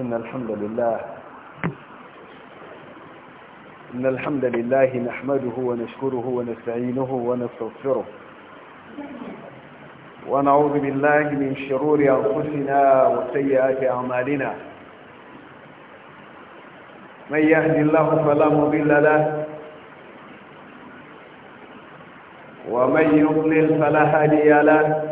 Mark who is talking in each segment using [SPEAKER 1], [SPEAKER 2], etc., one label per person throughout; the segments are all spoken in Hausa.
[SPEAKER 1] إن الحمد لله إن الحمد لله نحمده ونشكره ونستعينه ونستغفره ونعوذ بالله من شرور أنفسنا وسيئات أعمالنا من يهد الله فلا مضل له ومن يضلل فلا هادي له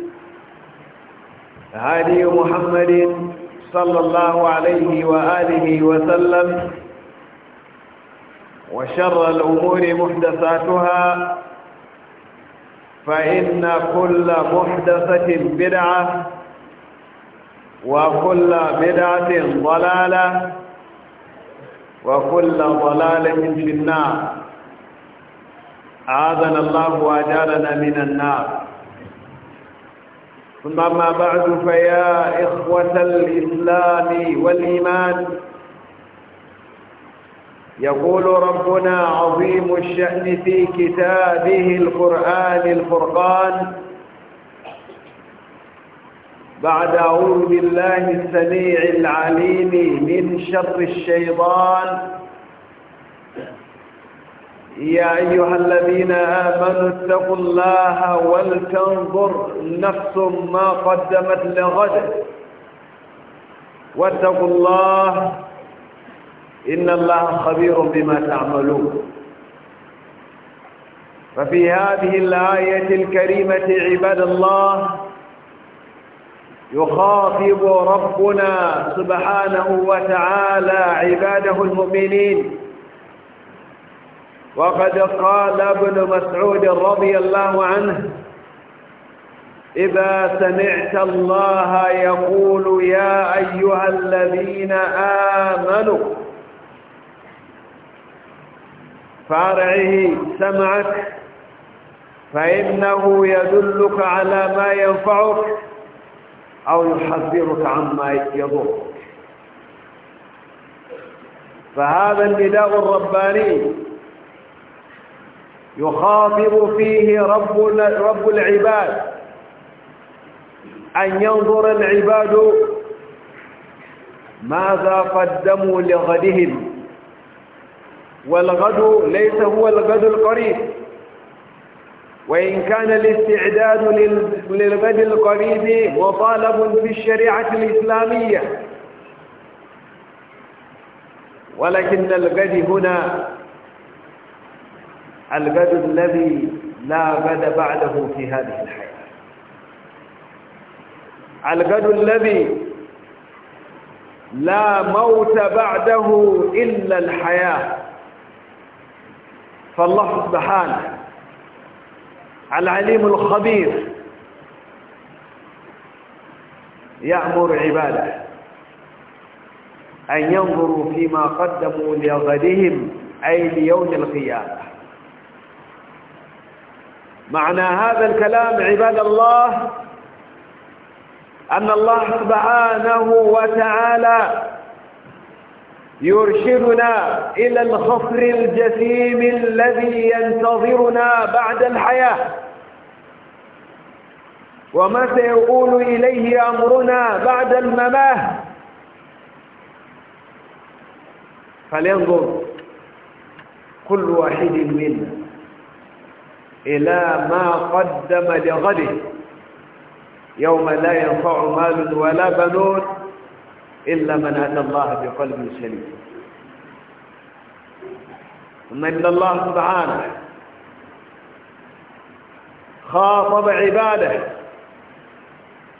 [SPEAKER 1] هدي محمد صلى الله عليه وآله وسلم وشر الأمور محدثاتها فإن كل محدثة بدعة وكل بدعة ضلالة وكل ضلالة في النار أعاذنا الله وأجارنا من النار ثم ما بعد فيا إخوة الإسلام والإيمان يقول ربنا عظيم الشأن في كتابه القرآن الفرقان بعد أعوذ بالله السميع العليم من شر الشيطان يا أيها الذين آمنوا اتقوا الله ولتنظر نفس ما قدمت لغد واتقوا الله إن الله خبير بما تعملون ففي هذه الآية الكريمة عباد الله يخاطب ربنا سبحانه وتعالى عباده المؤمنين وقد قال ابن مسعود رضي الله عنه إذا سمعت الله يقول يا أيها الذين آمنوا فارعه سمعك فإنه يدلك على ما ينفعك أو يحذرك عما يضرك فهذا النداء الرباني يخاطب فيه رب رب العباد أن ينظر العباد ماذا قدموا لغدهم والغد ليس هو الغد القريب وإن كان الاستعداد للغد القريب مطالب في الشريعة الإسلامية ولكن الغد هنا البدء الذي لا بد بعده في هذه الحياة الغد الذي لا موت بعده إلا الحياة فالله سبحانه العليم الخبير يأمر عباده أن ينظروا فيما قدموا لغدهم أي ليوم القيامة معنى هذا الكلام عباد الله أن الله سبحانه وتعالى يرشدنا إلى الخفر الجسيم الذي ينتظرنا بعد الحياة وما سيقول إليه أمرنا بعد المماه فلينظر كل واحد منا إلى ما قدم لغده يوم لا ينفع مال ولا بنون إلا من أتى الله بقلب سليم ثم إن الله سبحانه خاطب عباده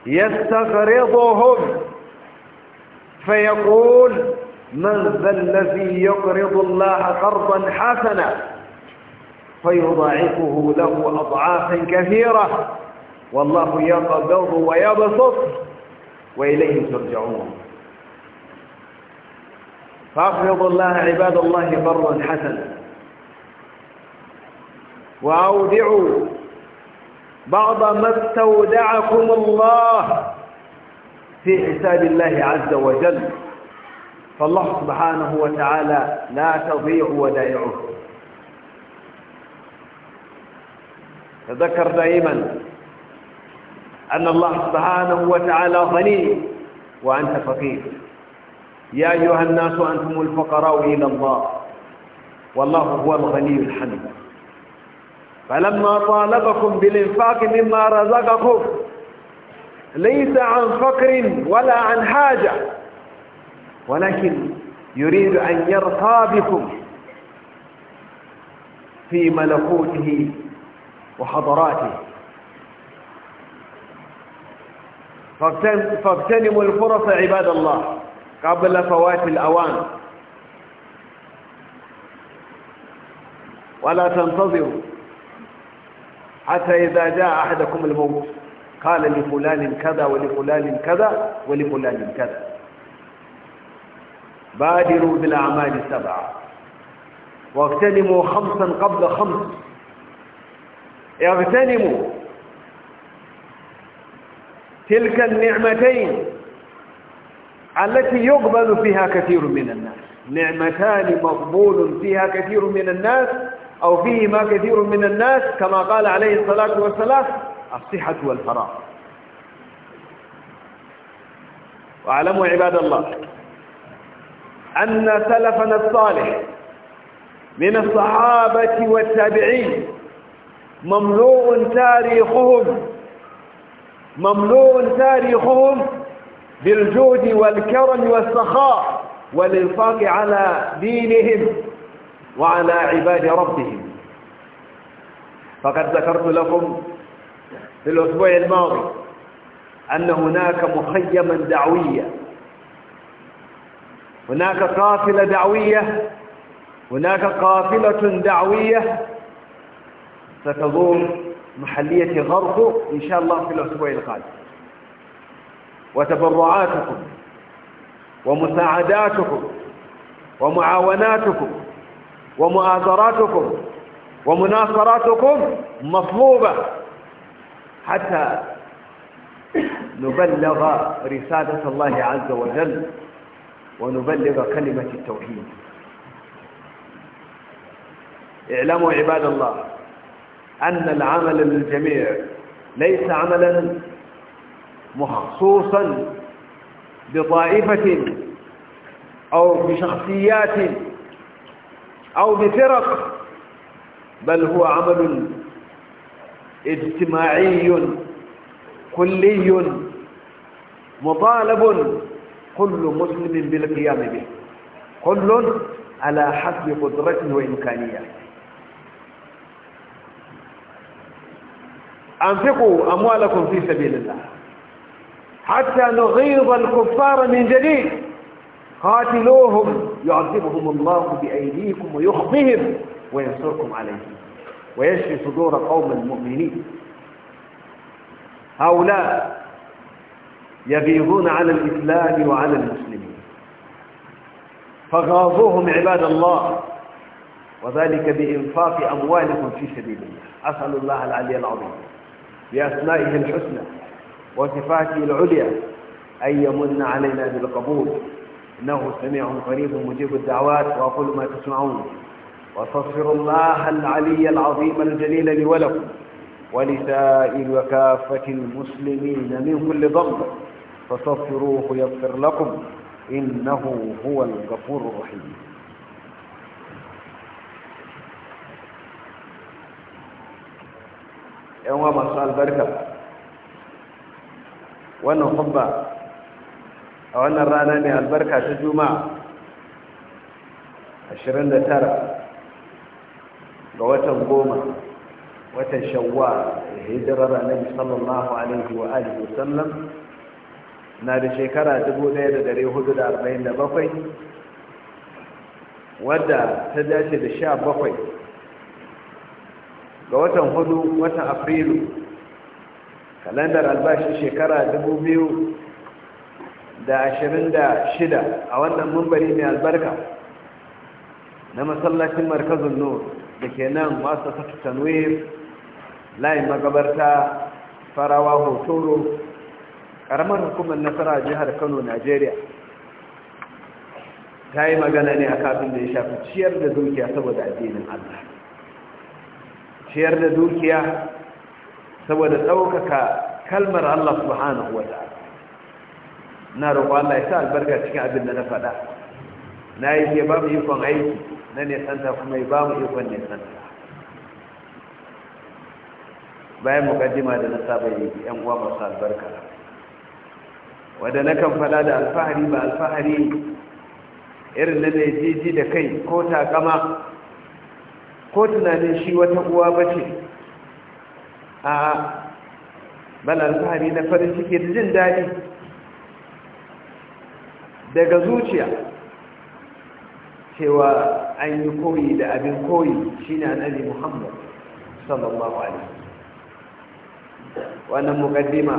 [SPEAKER 1] يستقرضهم فيقول من ذا الذي يقرض الله قرضا حسنا فيضاعفه له أضعافا كثيرة والله يقبض ويبسط وإليه ترجعون فاقبضوا الله عباد الله برا حسنا وأودعوا بعض ما استودعكم الله في حساب الله عز وجل فالله سبحانه وتعالى لا تضيع ودائعه تذكر دائما أن الله سبحانه وتعالى غني وأنت فقير يا أيها الناس أنتم الفقراء إلى الله والله هو الغني الحميد فلما طالبكم بالإنفاق مما رزقكم ليس عن فقر ولا عن حاجة ولكن يريد أن يرقى بكم في ملكوته وحضراته فاغتنموا الفرص عباد الله قبل فوات الأوان ولا تنتظروا حتى إذا جاء أحدكم الموت قال لفلان كذا ولفلان كذا ولفلان كذا بادروا بالأعمال السبعة واغتنموا خمسا قبل خمس اغتنموا تلك النعمتين التي يقبل فيها كثير من الناس نعمتان مقبول فيها كثير من الناس أو فيهما كثير من الناس كما قال عليه الصلاة والسلام الصحة والفراغ واعلموا عباد الله أن سلفنا الصالح من الصحابة والتابعين مملوء تاريخهم مملوء تاريخهم بالجود والكرم والسخاء والإنفاق على دينهم وعلى عباد ربهم فقد ذكرت لكم في الأسبوع الماضي أن هناك مخيما دعوية هناك قافلة دعوية هناك قافلة دعوية ستضم محلية غرفو إن شاء الله في الأسبوع القادم وتبرعاتكم ومساعداتكم ومعاوناتكم ومؤازراتكم ومناصراتكم مطلوبة حتى نبلغ رسالة الله عز وجل ونبلغ كلمة التوحيد اعلموا عباد الله أن العمل للجميع ليس عملا مخصوصا بطائفة أو بشخصيات أو بفرق بل هو عمل اجتماعي كلي مطالب كل مسلم بالقيام به كل على حسب قدرته وإمكانياته أنفقوا أموالكم في سبيل الله حتى نغيظ الكفار من جديد قاتلوهم يعذبهم الله بأيديكم ويخفهم وينصركم عليهم ويشفي صدور قوم المؤمنين هؤلاء يبيضون على الإسلام وعلى المسلمين فغاظوهم عباد الله وذلك بإنفاق أموالكم في سبيل الله أسأل الله العلي العظيم بأسمائه الحسنى وصفاته العليا أن يمن علينا بالقبول إنه سميع قريب مجيب الدعوات وأقول ما تسمعون واستغفر الله العلي العظيم الجليل لي ولكم ولسائر وكافة المسلمين من كل ضغط فاستغفروه يغفر لكم إنه هو الغفور الرحيم yan wa masu albarka wannan hubba a wannan rana ne albarka ta juma'a 29 ga watan goma watan shawwa hijirar annabi sallallahu alaihi wa alihi wasallam na da shekara 1447 wadda ta dace da 17 ga watan hudu watan afrilu kalandar albashi shekara biyu da ashirin da shida a wannan mumbari mai albarka na masallacin markazin nur da ke nan masu sata tanwir layin magabarta farawa hotoro ƙaramar hukumar nasara jihar kano najeriya ta yi magana ne a kafin da ya shafi ciyar da dukiya saboda addinin allah ciyar da dukiya saboda ɗaukaka kalmar Allah subhanahu wa ta'ala na roƙo Allah ya sa albarka cikin abin da na faɗa na yi ke ba mu ikon aiki na nesanta kuma ba mu ikon nesanta bayan mukaddima da na saba yi yan uwa masu albarka wadda na kan faɗa da alfahari ba alfahari irin na mai jiji da kai ko takama ko tunanin shi wata uwa ba ce a bala alfahari na farin ciki da jin daɗi daga zuciya cewa an yi koyi da abin koyi shi ne annabi muhammad sallallahu alaihi wannan mukaddima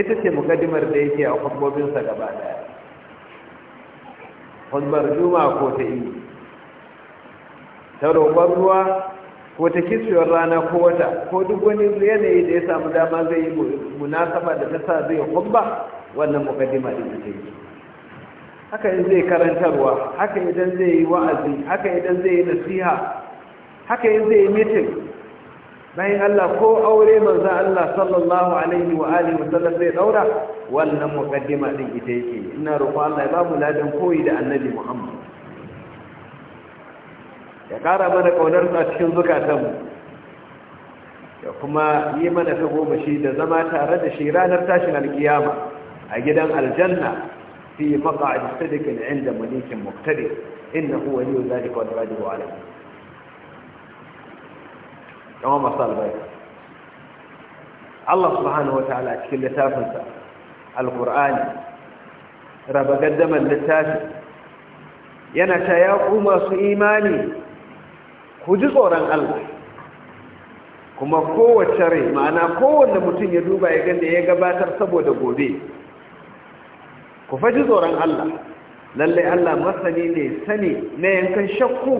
[SPEAKER 1] ita ce mukaddimar da yake a kwakwabinsa gaba daya kwanbar juma'a ko ta yi ta roƙon ruwa ko ta kiswiyar rana ko wata ko duk wani yanayi da ya samu dama zai yi munasaba da ta sa zai hubba wannan mukaddima da ita yi haka in zai karantarwa haka idan zai yi wa'azi haka idan zai yi nasiha haka in zai yi mitin bayan Allah ko aure manzo Allah sallallahu alaihi wa alihi wa sallam zai daura wannan mukaddima din ita yake ina roƙon Allah ya ba mu ladan koyi da Annabi Muhammad ya kara mana kaunar a cikin zukatanmu ya kuma yi mana ta goma shi da zama tare da shi ranar tashin alkiyama a gidan aljanna fi maƙa'ad sadiqin inda malikin muqtadir innahu waliyyu zalika wal wa alayh kama masal bai Allah subhanahu wa ta'ala cikin littafinsa alqur'ani raba gaddaman littafi yana ta ya ku masu imani ku ji tsoron Allah kuma kowace rai ma'ana kowanne mutum ya duba ya ganda ya gabatar saboda gobe ku faji tsoron Allah lallai Allah masani ne sani na yankan shakku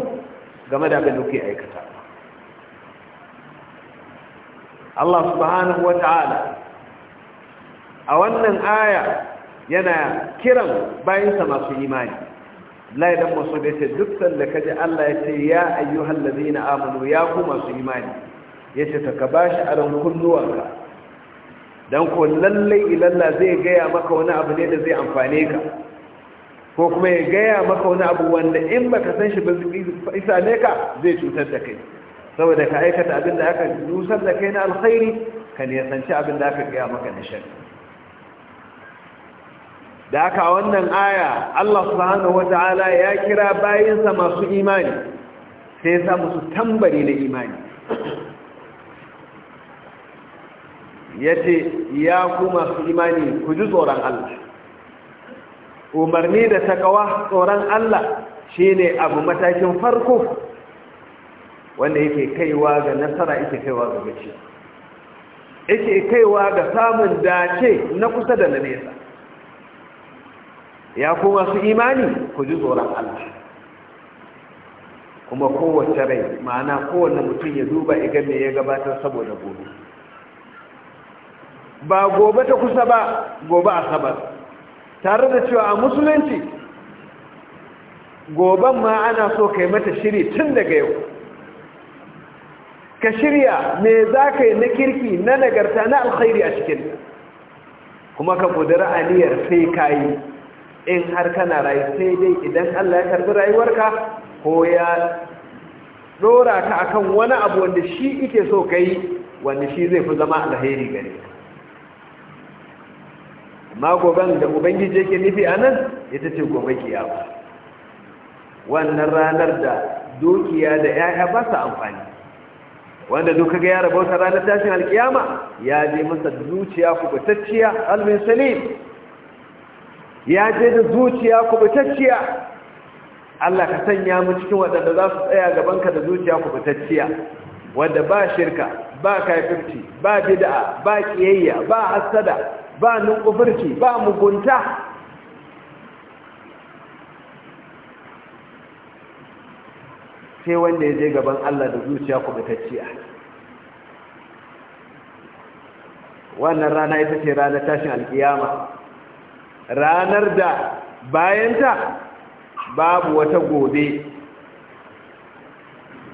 [SPEAKER 1] game da abin da aikata Allah subhanahu wata'ala a wannan aya yana kiran bayansa masu imani Abdullahi dan da yace duk sanda kaji Allah ce ya ayyuhal na amanu ya ku masu imani yace ta ka bashi aron kunnuwanka dan ko lalle ilalla zai gaya maka wani abu ne da zai amfane ka ko kuma ya gaya maka wani abu wanda in baka san shi ba isa ne ka zai cutar da kai saboda ka aikata abin da aka dusar da kai na alkhairi ka sanci abin da aka gaya maka na shari'a da aka wannan aya Allah subhanahu wata'ala ya kira bayinsa masu imani sai ya musu tambari na imani ya ce ya ku masu imani ku ji tsoron Allah umarni da takawa tsoron Allah shine abu matakin farko wanda yake kaiwa ga nasara yake kaiwa ga gaci yake kaiwa ga samun dace na kusa da na nesa ya ku masu imani ku ji tsoron Allah kuma kowace rai ma'ana kowane mutum ya duba iga me ya gabatar saboda gobe ba gobe ta kusa ba gobe asabar tare da cewa a musulunci goben ma ana so kai mata shiri tun daga yau ka shirya me za ka yi na kirki na nagarta na alkhairi a cikin kuma ka kudura Aliyar sai kayi in har kana rayu sai dai idan Allah ya karbi rayuwarka ko ya dora ka akan wani abu wanda shi ike so kai wani wanda shi zai fi zama alheri gare amma goben da ubangiji yake nufi a nan ita ce gobe kiyama wannan ranar da dukiya da 'ya'ya ba su amfani wanda duka ga ya rabauta ranar tashin alkiyama ya je masa zuciya kubutacciya almin salim ya je da zuciya kubutacciya Allah ka sanya mu cikin waɗanda za su tsaya gaban ka da zuciya kubutacciya wanda ba shirka ba kafirci ba bid'a ba kiyayya ba hasada ba nukufurci ba mugunta sai wanda ya je gaban Allah da zuciya kubutacciya wannan rana ita ce ranar tashin alkiyama ranar da bayanta babu wata gobe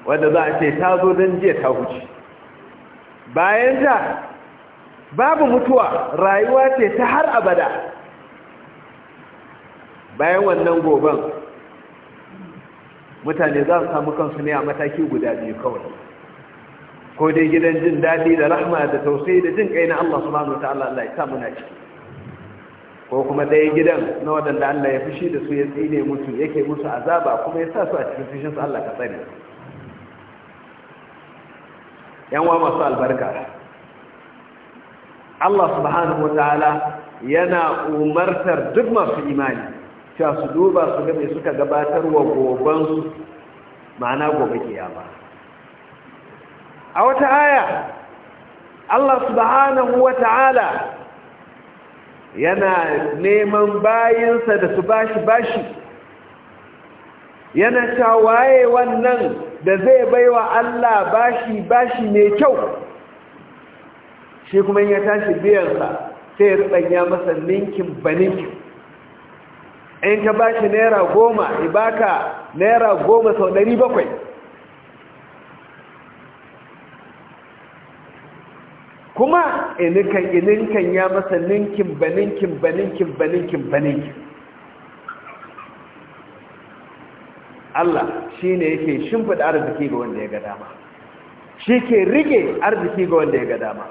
[SPEAKER 1] wadda za a ce ta zo don jiya ta huce bayanta babu mutuwa rayuwa ce ta har abada bayan wannan goben mutane za su samu kansu ne a mataki guda biyu kawai ko dai gidan jin daɗi da rahma da tausayi da jin ƙai na Allah subhanahu wa ta'ala Allah ya samu muna ciki ko kuma ɗaya gidan na wadanda Allah ya fushi da su ya tsine musu yake musu azaba kuma ya sa su a cikin fushin su Allah ka tsare yan wa masu albarka Allah subhanahu wataala yana umartar duk masu imani cewa su duba su ga me suka gabatar wa goban su ma'ana gobe kiyama a wata aya Allah subhanahu wataala yana neman bayinsa da su bashi bashi yana ta wannan da zai baiwa Allah bashi bashi mai kyau shi kuma ya tashi biyansa sai ya rubanya masa ninkin baninkin in ka bashi naira goma ibaka naira goma sau ɗari bakwai kuma inikan inikan ya masa ninkin baninkin baninkin baninkin baninkin Allah shi ne yake shimfiɗa arziki ga wanda ya ga dama shi ke rike arziki ga wanda ya ga dama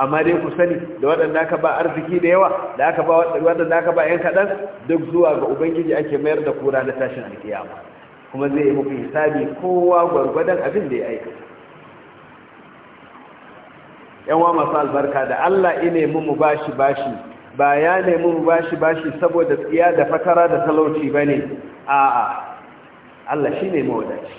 [SPEAKER 1] amma dai ku sani da waɗanda aka ba arziki da yawa da aka ba waɗanda aka ba 'yan kaɗan duk zuwa ga ubangiji ake mayar da kura na tashin alkiyama kuma zai yi muku hisabi kowa gwargwadon abin da ya aikata Yanwa masu albarka da Allah ine mu bashi bashi ba ya nemi mu bashi bashi saboda tsiya da fatara da talauci ba a a'a Allah shi ne mawadaci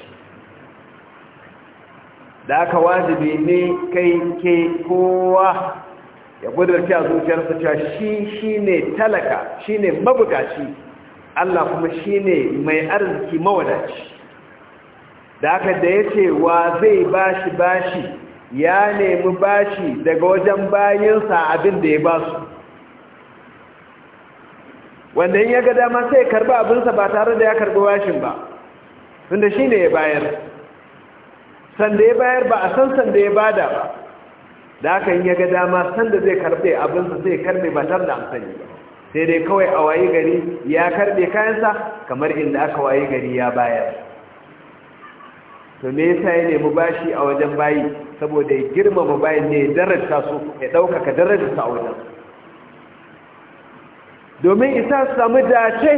[SPEAKER 1] da aka wajibi ne kai ke kowa ya gudurci a zuciyarsa cewa shi shi ne talaka shi ne mabukaci Allah kuma shi ne mai arziki mawadaci da aka da ya ce wa zai bashi bashi ya nemi bashi daga wajen bayansa abin da ya ba su wanda ya ga dama sai karba abinsa ba tare da ya karbi bashin ba tunda shi ne ya bayar sanda ya bayar ba a san sanda ya bada ba da haka in ya ga dama sanda zai karbe abinsa zai karbe ba tare da amsani ba sai dai kawai a waye gari ya karbe kayansa kamar inda aka waye gari ya bayar to me yasa ya nemi bashi a wajen bayi saboda ya girmama bayin ne ya daraja su ya ɗaukaka darajarsa a wajen domin isa su samu dace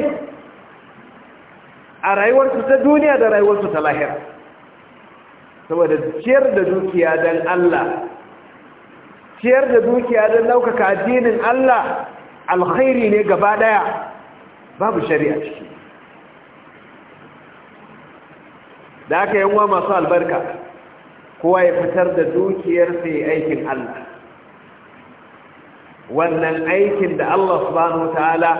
[SPEAKER 1] a rayuwarsu ta duniya da rayuwarsu ta lahira saboda ciyar da dukiya don Allah ciyar da dukiya don ɗaukaka addinin Allah alkhairi ne gaba ɗaya babu shari'a ciki da aka yi wa masu albarka kowa ya fitar da dukiyar sai aikin Allah wannan aikin da Allah subhanahu ta'ala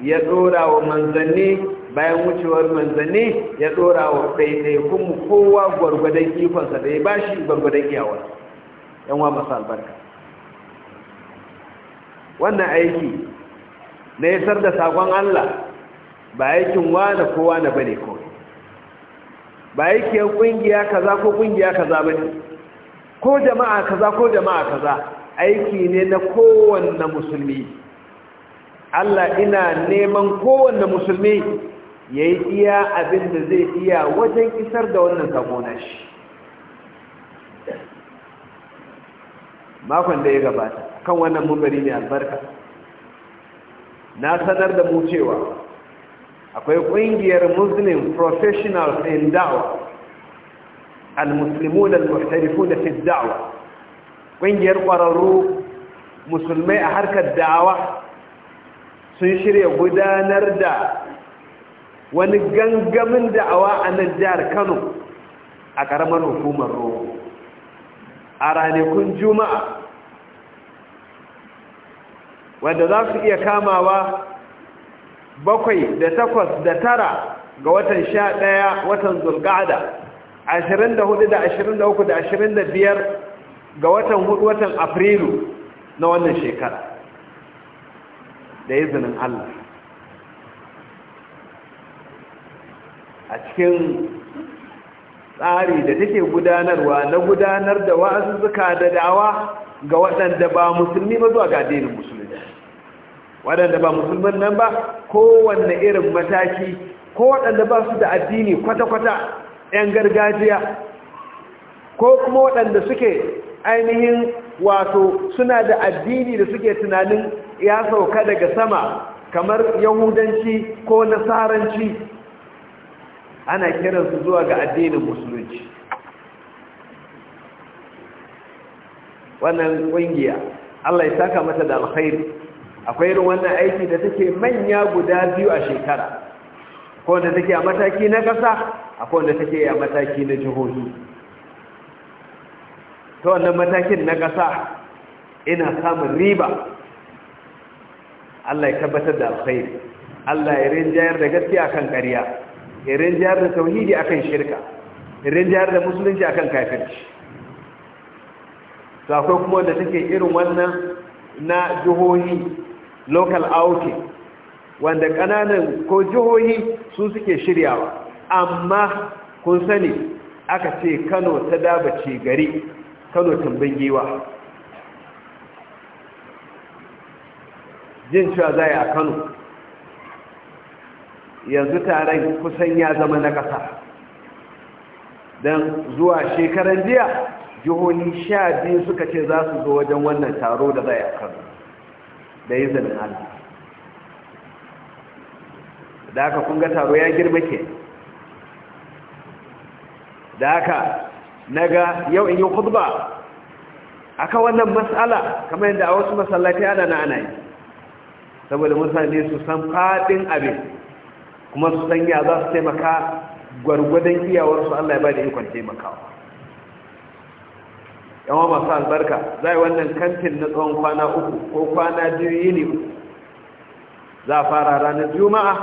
[SPEAKER 1] ya dora wa manzanni bayan wucewar manzanni ya dora wa ɗaiɗaikun kowa gwargwadon ikonsa da ya bashi gwargwadon iyawar yanwa masu albarka wannan aiki na yasar da sakon Allah ba aikin wa da kowa na bane ko ba yake kungiya kaza ko kungiya kaza ba ne ko jama'a kaza ko jama'a kaza aiki ne na kowanne musulmi Allah ina neman kowanne musulmi ya yi iya abinda zai iya wajen isar da wannan sakona shi makon da ya gabata kan wannan mummari ne albarka na sanar da mu cewa akwai ƙungiyar muslim professionals in da'wa al-muslimun al-muhtarifun fi da'wa ƙungiyar ƙwararru musulmai a harkar da'awa sun shirya gudanar da wani gangamin da'awa a nan jihar Kano a ƙaramar hukumar Rogo a ranakun Juma'a wanda za su iya kamawa bakwai da takwas da tara ga watan sha ɗaya watan zulgada ashirin da hudu da ashirin da uku da ashirin da biyar ga watan hudu watan afrilu na wannan shekara da izinin allah a cikin tsari da take gudanarwa na gudanar da wa'azuzzuka da dawa ga waɗanda ba musulmi ba zuwa ga addinin musulmi waɗanda ba musulmin nan ba kowanne irin mataki ko waɗanda ba su da addini kwata-kwata 'yan gargajiya ko kuma waɗanda suke ainihin wato suna da addini da suke tunanin ya sauka daga sama kamar yahudanci ko nasaranci ana kiransu zuwa ga addinin musulunci wannan ƙungiya Allah ya saka mata da alkhairi akwai irin wannan aiki da take manya guda biyu a shekara akwai wanda take a mataki na ƙasa akwai wanda take a mataki na jihohi ta wannan matakin na ƙasa ina samun riba Allah ya tabbatar da alkhairi Allah ya rinjayar da gaskiya akan ƙarya ya rinjayar da tauhidi akan shirka ya rinjayar da musulunci akan kafirci to akwai kuma wanda take irin wannan na jihohi local outing wanda ƙananan ko jihohi su suke shiryawa amma kun sani aka ce kano ta dabace gari kano tambin giwa jin cewa zai a kano yanzu taron kusan ya zama na ƙasa don zuwa shekaran jiya jihohi sha biyu suka ce za su zo wajen wannan taro da zai a kano da izinin Allah da haka kun ga taro ya girma ke da haka naga yau in yi khutba aka wannan matsala kamar yadda a wasu masallatai ana na ana yi saboda mutane su san fadin abin kuma su san ya za su taimaka gwargwadon iyawarsu Allah ya ba da ikon taimakawa yawan masu albarka za wannan kantin na tsawon kwana uku ko kwana biyu yini za a fara ranar juma'a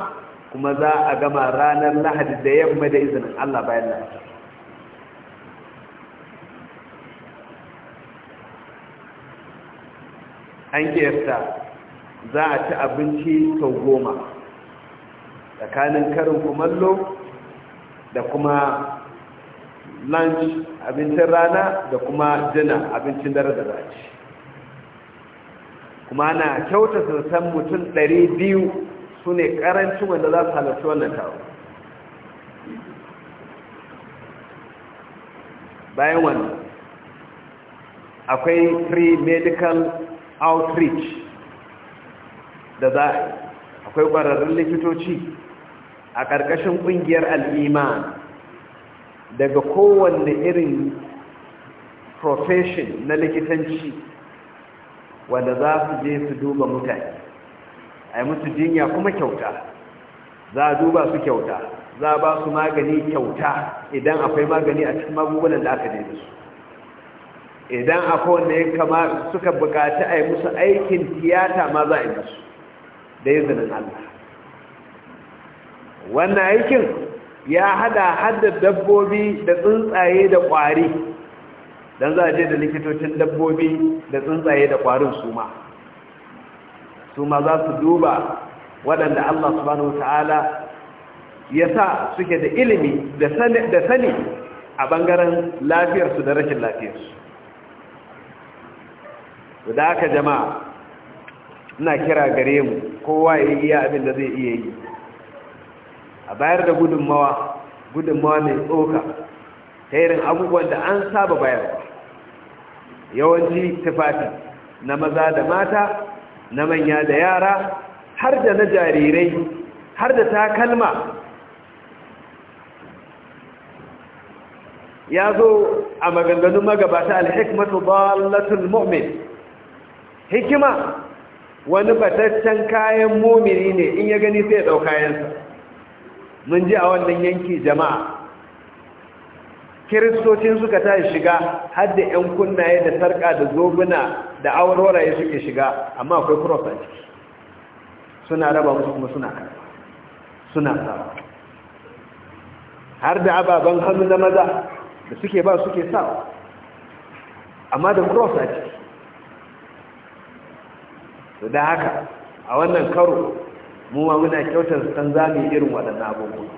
[SPEAKER 1] kuma za a gama ranar lahadi da yamma da izinin allah bayan lahadi an kiyarta za a ci abinci sau goma tsakanin karin kumallo da kuma lunch abincin rana da kuma jina abincin dare da zaci kuma na kyautata san mutum biyu su ne ƙarancin wanda za su halarci wannan taro bayan wannan akwai free medical outreach da za akwai ƙwararrun likitoci a ƙarƙashin ƙungiyar al'imani daga kowanne irin profession na likitanci wanda za su je su duba mutane a yi musu jinya kuma kyauta za a duba su kyauta za a ba su magani kyauta idan akwai magani a cikin magungunan da aka daidai su idan akwai wanda ya kama suka bukaci a yi musu aikin tiyata ma za a yi musu da izinin Allah wannan aikin ya hada hada dabbobi da tsuntsaye da kwari don za a je da likitocin dabbobi da tsuntsaye da kwarin Su ma za su duba waɗanda Allah subhanahu ta'ala ya sa suke da ilimi da sani a ɓangaren lafiyarsu da rashin lafiyarsu da aka jama'a ina kira gare mu kowa ya yi abin da zai iya yi a bayar da gudunmawa gudunmawa mai tsoka ta irin abubuwan da an saba bayarwa yawanci tufafi na maza da mata na manya da yara har da na jarirai har da takalma ya zo a maganganun magabata alhikmatu ballatul mu'min hikima wani bataccen kayan mumini ne in ya gani sai ya ɗau kayansa mun ji a wannan yanki jama'a kiristocin suka tashi shiga har da 'yan kunnaye da sarka da zobuna da auroraye suke shiga amma akwai cross ciki suna raba musu kuma suna suna sawa har da ababen hannu na maza da suke ba suke sawa amma da cross a ciki da haka a wannan karo mu ma muna kyautar san za mu irin waɗannan abubuwa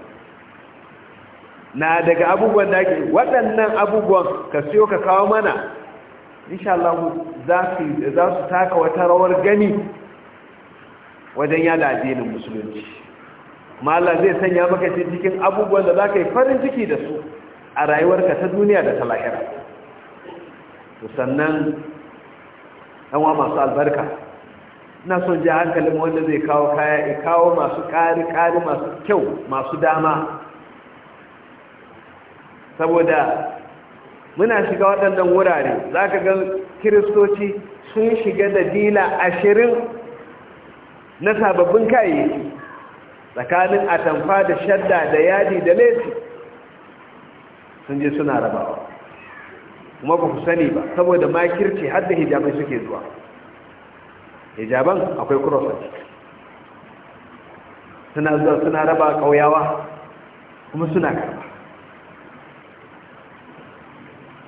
[SPEAKER 1] na daga abubuwan da ake waɗannan abubuwan ka siyo ka kawo mana insha Allah za su taka wata rawar gani wajen yada addinin musulunci mallah zai sanya maka cikin abubuwan da za yi farin ciki da su a rayuwarka ta duniya da ta lahira sannan wa masu albarka na son ji hankalin wanda zai kawo kaya ya kawo masu ƙari-ƙari masu kyau masu dama saboda muna shiga waɗannan wurare za ka ga kiristoci sun shiga da dila ashirin na sababbin kayayyaki tsakanin atamfa da shadda da yadi da laifi. sun je suna rabawa kuma ba ku sani ba saboda makirci har da hijabai suke zuwa hijaban akwai cross suna raba kauyawa kuma suna karba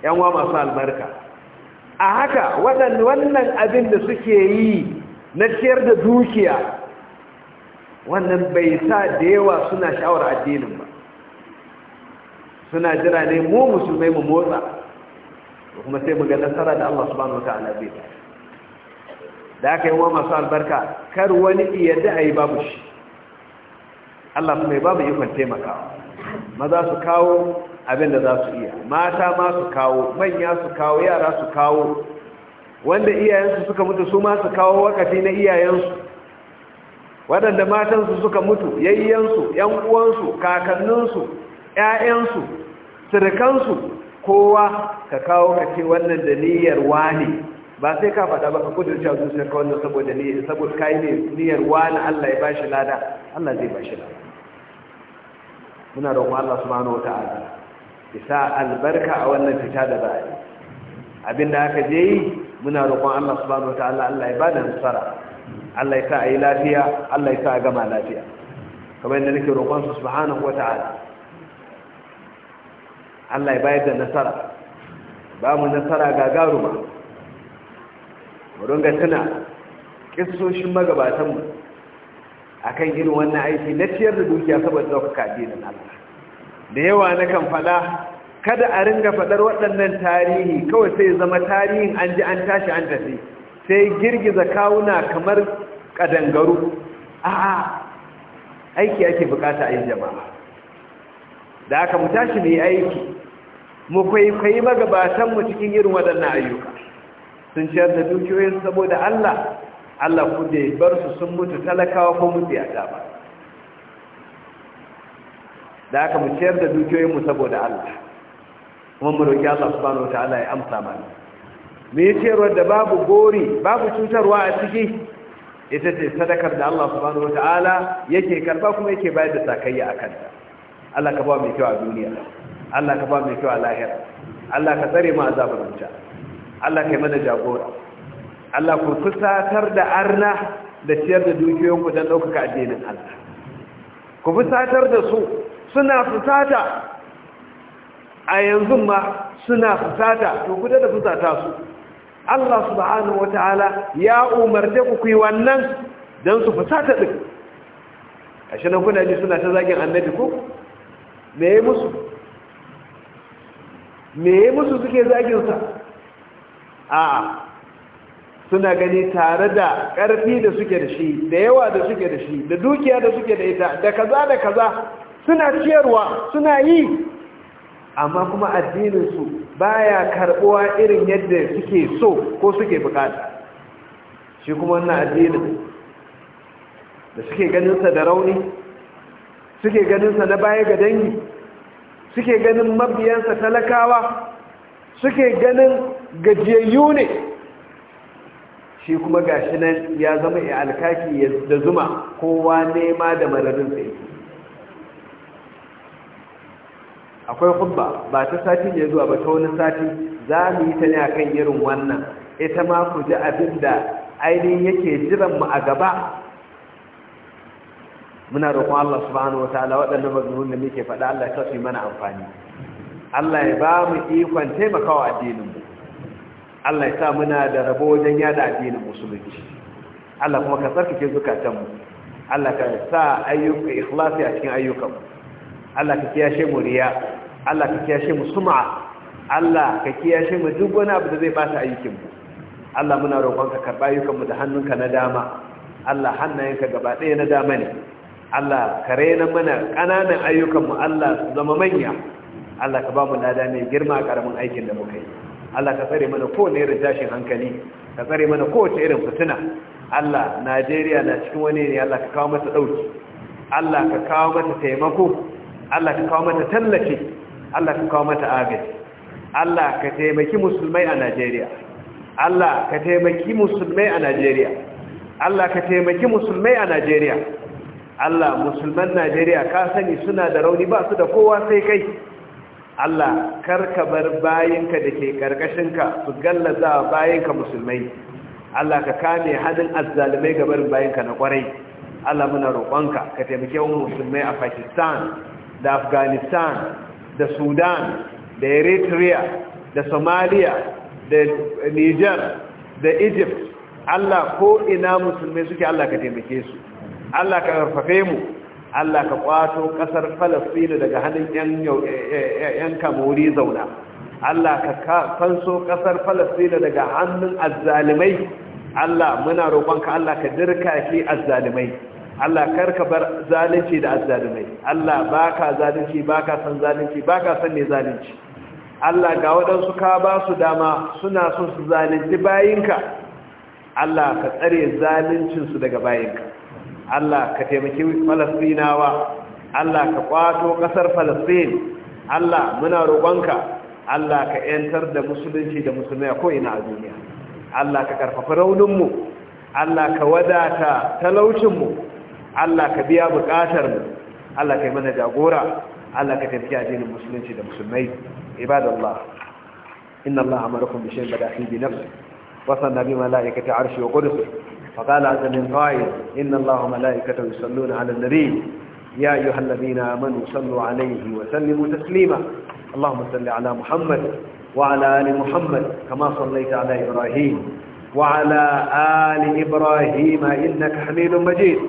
[SPEAKER 1] yanwa masu albarka a haka wannan abin da suke yi na ciyar da dukiya wannan bai sa da yawa suna sha'awar addinin ba suna jira ne mu musulmai mu motsa kuma sai mu ga nasara da Allah subhanahu wa ta'ala zai da aka yi wa masu albarka kar wani yadda a yi babu shi Allah kuma ya babu ikon taimakawa maza su kawo abinda za su iya mata ma su kawo manya su kawo yara su kawo wanda iyayensu suka mutu su ma su kawo wakafi na iyayensu waɗanda matansu suka mutu yayyensu yan uwansu kakanninsu 'ya'yansu, sirikansu kowa ka kawo kake wannan da niyyar wani ba sai ka faɗa ba ka kudurci a zuciyar ka wanda saboda ne saboda kai ne niyyar wani Allah ya bashi lada Allah zai bashi lada muna roƙon Allah subhanahu wata'ala isa albarka a wannan fita da ba'a abinda aka je yi muna roƙon Allah subhanahu wata'ala Allah ya bada nasara Allah ya sa a yi lafiya Allah ya sa a gama lafiya kamar yadda nake roƙon su subhanahu wata'ala Allah ya bayar da nasara ba mu nasara gagaruma ga suna ƙisoshin magabatanmu a kan irin wannan aiki na ciyar da dukiya saboda ɗaukaka dinin Allah da yawa na kan faɗa kada a ringa faɗar waɗannan tarihi kawai sai zama tarihin an ji an tashi an tafi sai girgiza kawuna kamar ƙadangaru a aiki ake bukata a yin jama'a da aka mu tashi mai aiki mu kwaikwayi magabatanmu cikin irin waɗannan ayyuka sun ciyar da dukiyoyin saboda Allah Allah ku da bar su sun mutu talakawa ko mutu ya dama da aka mu ciyar da dukiyoyin mu saboda Allah kuma mu roki Allah subhanahu wataala ya amsa mana me yace da babu gori babu cutarwa a ciki ita ce sadakar da Allah subhanahu wataala yake karba kuma yake bayar da sakayya akan ta Allah ka ba mai kyau a duniya Allah ka ba mai kyau a lahira Allah ka tsare mu azabar wuta Allah kai mana jagora Allah ku fusatar da arna da ciyar da dukiyoyinku don ɗaukaka addinin Allah ku fusatar da su suna fusata a yanzu ma suna fusata to ku da fusata su Allah subhanahu wata'ala ya umarce ku kuyi wannan don su fusata din a nan kuna ji suna ta zagin annabi ko me yi musu me yi musu suke zaginsa a'a suna gani tare da ƙarfi da suke da shi da yawa da suke da shi da dukiya da suke da ita da kaza da kaza suna ciyarwa suna yi amma kuma addininsu ba baya karɓuwa irin yadda suke so ko suke bukata shi kuma wannan addinin da suke ganinsa da rauni suke ganinsa na baya ga dangi suke ganin mabiyansa talakawa suke ganin gajiyayyu ne shi kuma gashi nan ya zama ya alkaki da zuma kowa nema da mararin sai akwai hubba ba ta sati ne zuwa ba ta wani sati za mu yi ta ne akan irin wannan ita ma ku ji abin da ainihin yake jiran mu a gaba muna roƙon Allah subhanahu ta'ala waɗannan maganganun da muke faɗa Allah ya tafi mana amfani Allah ya ba mu ikon taimakawa addinin mu Allah ya sa muna da rabo wajen yada addinin musulunci Allah kuma ka tsarkake zukatanmu Allah ka sa ayyuka ikhlasi a cikin ayyukanmu Allah ka kiyashe mu riya Allah ka kiyashe mu sum'a Allah ka kiyashe mu duk wani abu da zai basa ayyukan mu Allah muna roƙon ka karba ayyukan mu da hannunka na dama Allah hannayenka gaba ɗaya na dama ne Allah ka rena mana ƙananan ayyukan mu Allah su zama manya Allah ka ba mu lada mai girma a ƙaramin aikin da muka yi Allah ka tsare mana ko irin tashin hankali ka tsare mana kowace irin fitina Allah Najeriya na cikin wani ne Allah ka kawo mata dauki Allah ka kawo mata taimako Allah ka kawo mata tallafi Allah ka kawo mata agaji Allah ka taimaki musulmai a Najeriya Allah ka taimaki musulmai a Najeriya Allah ka taimaki musulmai a Najeriya Allah musulman Najeriya ka sani suna da rauni ba su da kowa sai kai Allah karka bar bayinka da ke karkashinka su gallaza bayinka musulmai Allah ka kame hadin azzalumai ga barin bayinka na kwarai Allah muna roƙonka ka taimake mu musulmai a Pakistan da Afghanistan da Sudan da Eritrea da Somalia da Niger da Egypt Allah ko ina musulmai suke Allah ka taimake su Allah ka ƙarfafe mu Allah ka kwato kasar Falasɗinu daga hannun ‘yan eh, eh, eh, kamori zauna, Allah ka fanso kasar Falasɗinu daga hannun azzalimai, Allah muna roƙonka Allah ka dirka shi azzalimai, Allah karka bar zalunci da azzalimai, Allah ba ka zalunci ba ka san zalunci ba ka san ne zalunci. Allah ga waɗansu ka ba su dama suna son su zalunci bayinka, Allah ka tsare zaluncinsu daga bayinka. Allah ka taimaki Falastinawa Allah ka kwato ƙasar Falastin Allah muna roƙonka Allah ka yantar da musulunci da musulmai a ko'ina a duniya Allah ka karfafa rauninmu Allah ka wadata talaucinmu Allah ka biya buƙatarmu Allah ka yi mana jagora Allah ka taimaki addinin musulunci da musulmai ibadallah Inna إن الله أمركم bi بدأ فيه بنفسه وصلنا arshi wa وقدسه فقال عز من قائل إن الله ملائكة يصلون على النبي يا أيها الذين آمنوا صلوا عليه وسلموا تسليما اللهم صل على محمد وعلى آل محمد كما صليت على إبراهيم وعلى آل إبراهيم إنك حميد مجيد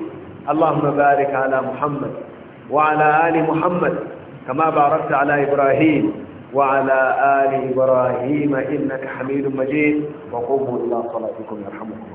[SPEAKER 1] اللهم بارك على محمد وعلى آل محمد كما باركت على إبراهيم وعلى آل إبراهيم إنك حميد مجيد وقوموا إلى صلاتكم يرحمكم